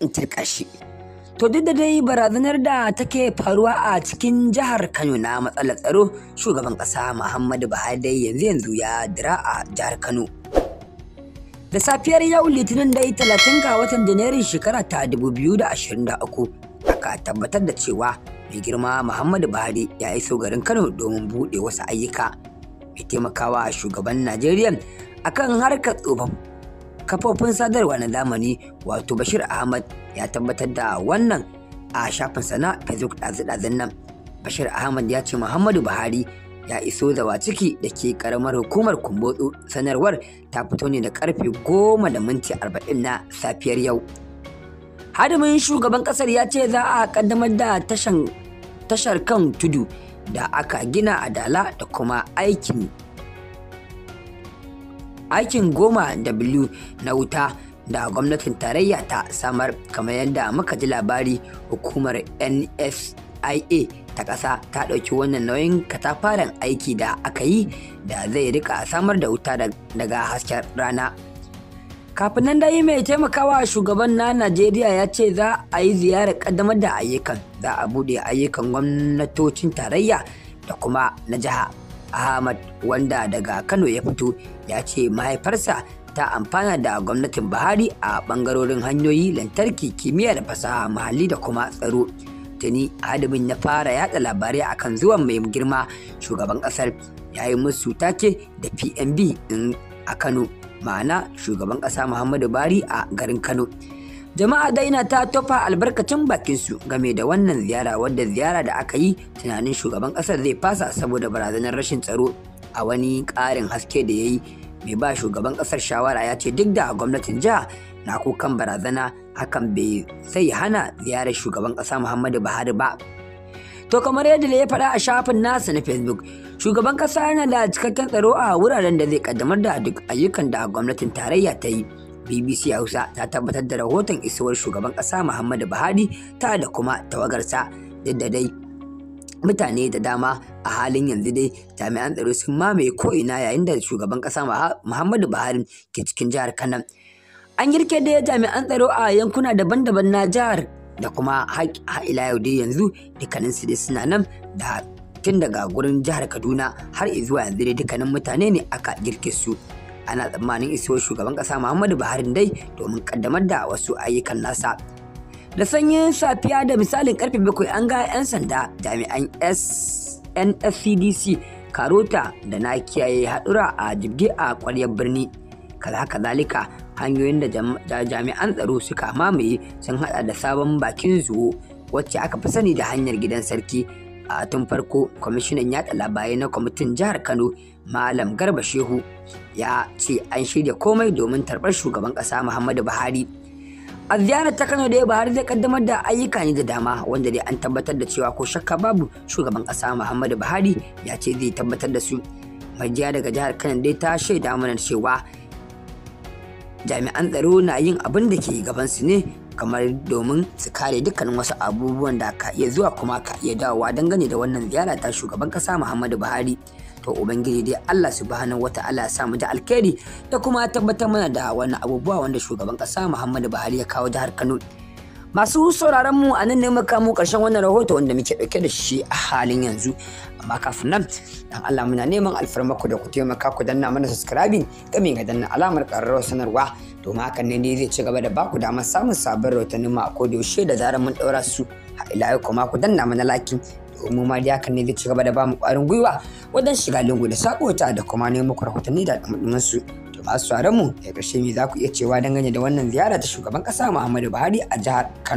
in to duk da dai barazanar da take faruwa a cikin jihar kano na matsalar tsaro shugaban ƙasa muhammadu buhari dai yanzu yanzu ya dira a jihar kano da safiyar yau litinin dai talatin ga watan janairun shekara ta 2023 aka tabbatar da cewa mai girma muhammadu buhari ya iso garin kano domin buɗe wasu ayyuka mai taimakawa shugaban najeriya akan harkar tsofaffi. kafofin sadarwa na zamani wato Bashir Ahmad ya tabbatar da wannan a shafin sana Facebook ɗazu-ɗazun nan. Bashir Ahmad ya ce Muhammadu Buhari ya iso zawa ciki da ke karamar hukumar kumbotsu sanarwar ta fito ne da karfe goma da minti arba'in na safiyar yau. Hadimin shugaban kasar ya ce za a kaddamar da tashar kan tudu da aka gina adala da kuma aikin aikin goma da w na wuta da gwamnatin tarayya ta samar kamar yadda muka ji labari hukumar nsia ta ƙasa ta ɗauki wannan nauyin katafaren aiki da aka yi da zai rika samar da wuta daga hasken rana kafin nan dai mai taimakawa shugaban na najeriya ya ce za a yi ziyarar ƙaddamar da ayyukan za a buɗe ayyukan gwamnatocin tarayya da kuma na jiha ahmad wanda daga kano ya fito ya ce mahaifarsa ta amfana da gwamnatin buhari a bangarorin hanyoyi lantarki kimiyya da fasaha muhalli da kuma tsaro tuni adamin na fara yada labarai akan zuwan mai girma shugaban kasar ya yi musu take da pnb in a kano ma'ana shugaban kasa muhammadu buhari a garin kano jama'a daina ta tofa albarkacin bakin su game da wannan ziyara wadda ziyara da aka yi tunanin shugaban kasar zai fasa saboda barazanar rashin tsaro a wani ƙarin haske da ya yi mai ba shugaban kasar shawara ya ce duk da gwamnatin jiha na kukan barazana hakan bai sai hana ziyarar shugaban kasa muhammadu buhari ba to kamar yadda ya faɗa a shafin nasa na facebook shugaban ƙasa yana da cikakken tsaro a wuraren da zai kaddamar da duk ayyukan da gwamnatin tarayya ta yi BBC Hausa ta tabbatar da rahoton isuwar shugaban ƙasa Muhammadu Buhari ta da kuma tawagarsa duk da dai mutane da dama a halin yanzu dai jami'an tsaro sun mamaye ko'ina yayin da shugaban ƙasa Muhammadu Buhari ke cikin jihar Kano. An girke da jami'an tsaro a yankuna daban-daban na jihar da kuma ila yau dai yanzu dukkaninsu dai suna nan da tun daga gurin jihar Kaduna har zuwa yanzu dai dukkanin mutane ne aka girke su. ana tsammanin isowar shugaban ƙasa muhammadu buhari dai domin kaddamar da wasu ayyukan nasa da sanyin safiya da misalin karfe bakwai an ga 'yan sanda jami'an nscdc karota da na kiyaye haɗura a jibge a ƙwaryar birni kaza kazalika hanyoyin da jami'an tsaro suka mamaye sun haɗa da sabon bakin zuwo wacce aka fi sani da hanyar gidan sarki a tun farko kwamishinan yada labarai na kwamitin jihar kano malam garba shehu ya ce an shirya komai domin tarbar shugaban ƙasa muhammadu buhari a ziyarar ta kano da ya buhari zai kaddamar da ayyuka ne da dama wanda dai an tabbatar da cewa ko shakka babu shugaban ƙasa muhammadu buhari ya ce zai tabbatar da su majiya daga jihar kano dai ta shaida mana cewa jami'an tsaro na yin abin da ke gabansu ne kamar domin su kare dukkanin wasu abubuwan da ka iya zuwa kuma ka iya dawowa dangane da wannan ziyara ta shugaban kasa Muhammadu Buhari to ubangiji dai Allah subhanahu wata'ala ya samu da alkhairi ya kuma tabbatar mana da wannan abubuwa wanda shugaban kasa Muhammadu Buhari ya kawo jihar Kano Masu sauraron mu a nan ne muka mu ƙarshen wannan rahoto wanda muke dauke da shi a halin yanzu. Amma kafin nan, dan Allah muna neman alfarmako da ku taimaka ku danna mana subscribing game ga danna alamar ƙararrawar sanarwa. ma hakan ne zai ci gaba da ku dama samun sabon rahotannin mu a kodayaushe da zarar mun ɗaura su. ila yau kuma ku danna mana lakin domin ma da hakan ne zai ci gaba da mu ƙwarin gwiwa wajen shiga lungu da sakota da kuma nemo rahotanni da ɗumɗumin su masu mu ya ƙarshe me za ku iya cewa dangane da wannan ziyara ta shugaban ƙasa Muhammadu Buhari a jihar Kano.